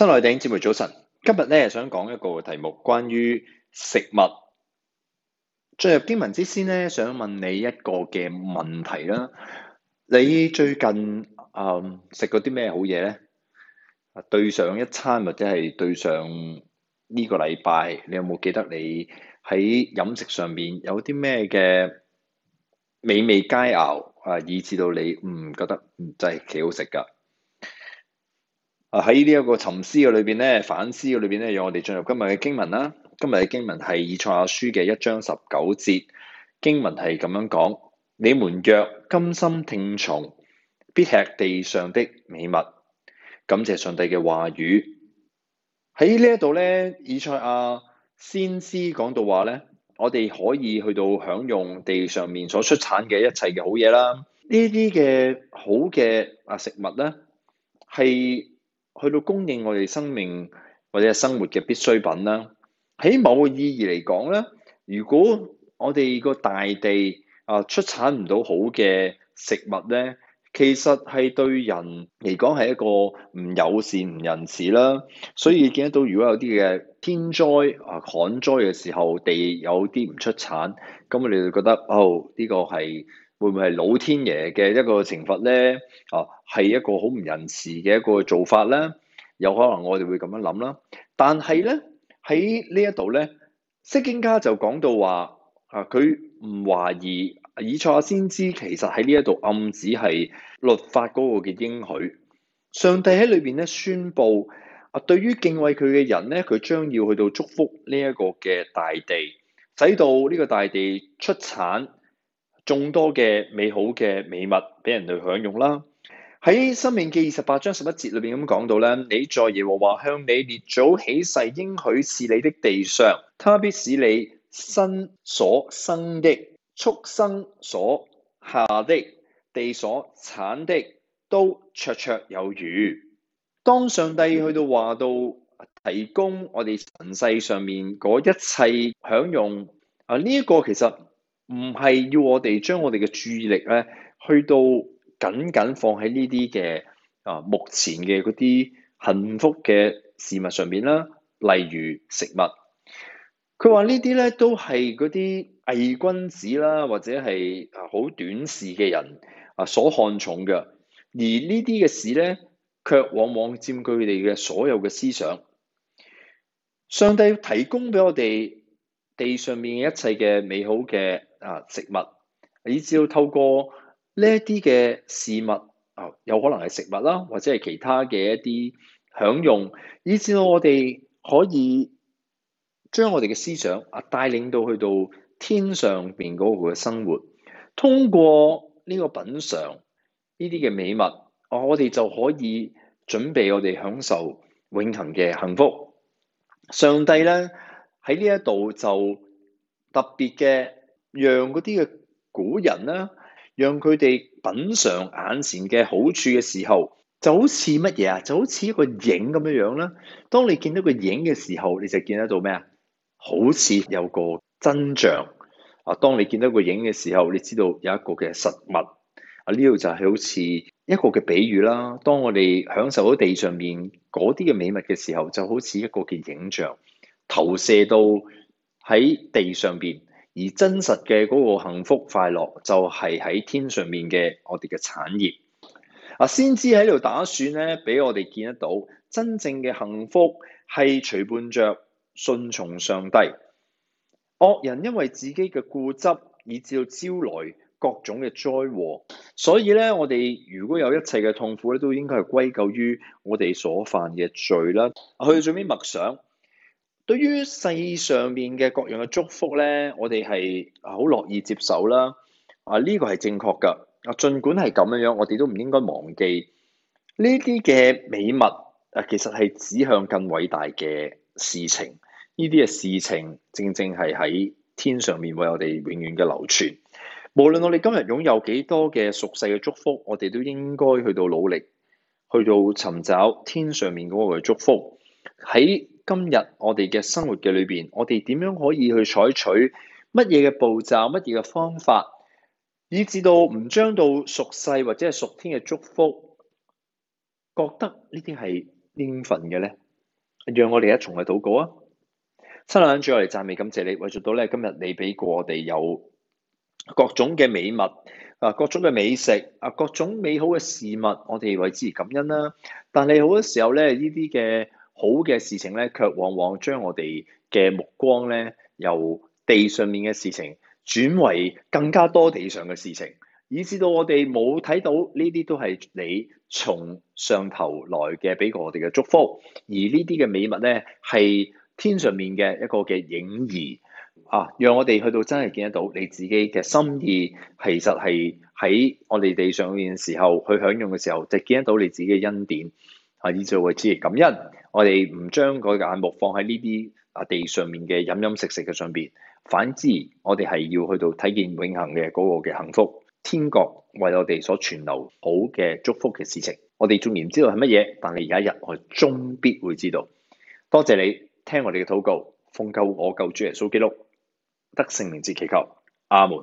新內定節目早晨，今日咧想講一個題目，關於食物。進入經文之先咧，想問你一個嘅問題啦。你最近誒食、呃、過啲咩好嘢咧？對上一餐或者係對上呢個禮拜，你有冇記得你喺飲食上面有啲咩嘅美味佳餚啊，呃，以至到你唔、嗯、覺得嗯真係幾好食噶？啊！喺呢啲一個沉思嘅裏邊咧，反思嘅裏邊咧，讓我哋進入今日嘅經文啦。今日嘅經文係以賽亞書嘅一章十九節，經文係咁樣講：你們若甘心聽從，必吃地上的美物。感謝上帝嘅話語。喺呢一度咧，以賽亞先知講到話咧，我哋可以去到享用地上面所出產嘅一切嘅好嘢啦。呢啲嘅好嘅啊食物咧，係。去到供應我哋生命或者生活嘅必需品啦。喺某個意義嚟講咧，如果我哋個大地啊出產唔到好嘅食物咧，其實係對人嚟講係一個唔友善、唔仁慈啦。所以見得到，如果有啲嘅天災啊、旱災嘅時候，地有啲唔出產，咁我哋就覺得，哦，呢個係。會唔會係老天爺嘅一個懲罰咧？啊，係一個好唔仁慈嘅一個做法咧？有可能我哋會咁樣諗啦。但係咧喺呢一度咧，釋經家就講到話啊，佢唔懷疑以賽亞先知其實喺呢一度暗指係律法嗰個嘅應許。上帝喺裏邊咧宣佈啊，對於敬畏佢嘅人咧，佢將要去到祝福呢一個嘅大地，使到呢個大地出產，眾多嘅美好嘅美物俾人類享用啦。喺《申命記》二十八章十一節裏邊咁講到咧，你在耶和華向你列祖起誓應許是你的地上，他必使你身所生的、畜生所下的、地所產的都綽綽有餘。當上帝去到話到提供我哋塵世上面嗰一切享用啊，呢、這、一個其實～唔係要我哋將我哋嘅注意力咧，去到僅僅放喺呢啲嘅啊，目前嘅嗰啲幸福嘅事物上面啦，例如食物。佢話呢啲咧都係嗰啲偽君子啦，或者係啊好短視嘅人啊所看重嘅，而呢啲嘅事咧，卻往往佔據佢哋嘅所有嘅思想。上帝提供俾我哋。地上面一切嘅美好嘅啊食物，以至到透過呢一啲嘅事物啊，有可能係食物啦，或者係其他嘅一啲享用，以至到我哋可以將我哋嘅思想啊帶領到去到天上邊嗰個嘅生活。通過呢個品嚐呢啲嘅美物，我哋就可以準備我哋享受永恆嘅幸福。上帝咧。喺呢一度就特別嘅，讓嗰啲嘅古人啦，讓佢哋品嘗眼前嘅好處嘅時候，就好似乜嘢啊？就好似一個影咁樣樣啦。當你見到個影嘅時候，你就見得到咩啊？好似有個真像啊。當你見到個影嘅時候，你知道有一個嘅實物啊。呢度就係好似一個嘅比喻啦。當我哋享受到地上面嗰啲嘅美物嘅時候，就好似一個嘅影像，投射到喺地上邊，而真實嘅嗰個幸福快樂就係喺天上面嘅我哋嘅產業。啊，先知喺度打算咧，俾我哋見得到真正嘅幸福係隨伴着信從上帝。惡人因為自己嘅固執，以至到招來各種嘅災禍。所以咧，我哋如果有一切嘅痛苦咧，都應該係歸咎於我哋所犯嘅罪啦。去到最尾，默想。對於世上面嘅各樣嘅祝福咧，我哋係好樂意接受啦。啊，呢個係正確㗎。啊，儘管係咁樣，我哋都唔應該忘記呢啲嘅美物。啊，其實係指向更偉大嘅事情。呢啲嘅事情，正正係喺天上面為我哋永遠嘅流傳。無論我哋今日擁有幾多嘅俗世嘅祝福，我哋都應該去到努力，去到尋找天上面嗰個嘅祝福喺。今日我哋嘅生活嘅裏邊，我哋點樣可以去採取乜嘢嘅步驟、乜嘢嘅方法，以至到唔將到屬世或者係屬天嘅祝福，覺得呢啲係應份嘅咧？讓我哋一從嚟禱告啊！親愛的主，我哋讚美感謝你，為住到咧今日你俾過我哋有各種嘅美物啊，各種嘅美食啊，各種美好嘅事物，我哋為之而感恩啦。但係好多時候咧，呢啲嘅好嘅事情咧，卻往往將我哋嘅目光咧，由地上面嘅事情轉為更加多地上嘅事情，以至到我哋冇睇到呢啲都係你從上頭來嘅俾我哋嘅祝福。而呢啲嘅美物咧，係天上面嘅一個嘅影兒啊，讓我哋去到真係見得到你自己嘅心意，其實係喺我哋地上面嘅時候去享用嘅時候，就見得到你自己嘅恩典啊，以至會自然感恩。我哋唔將嗰個眼目放喺呢啲啊地上面嘅飲飲食食嘅上邊，反之，我哋係要去到睇見永恒嘅嗰個嘅幸福，天國為我哋所存留好嘅祝福嘅事情，我哋仲然唔知道係乜嘢，但係而家一日我終必會知道。多謝你聽我哋嘅禱告，奉救我救主耶穌基督得聖名之祈求，阿門。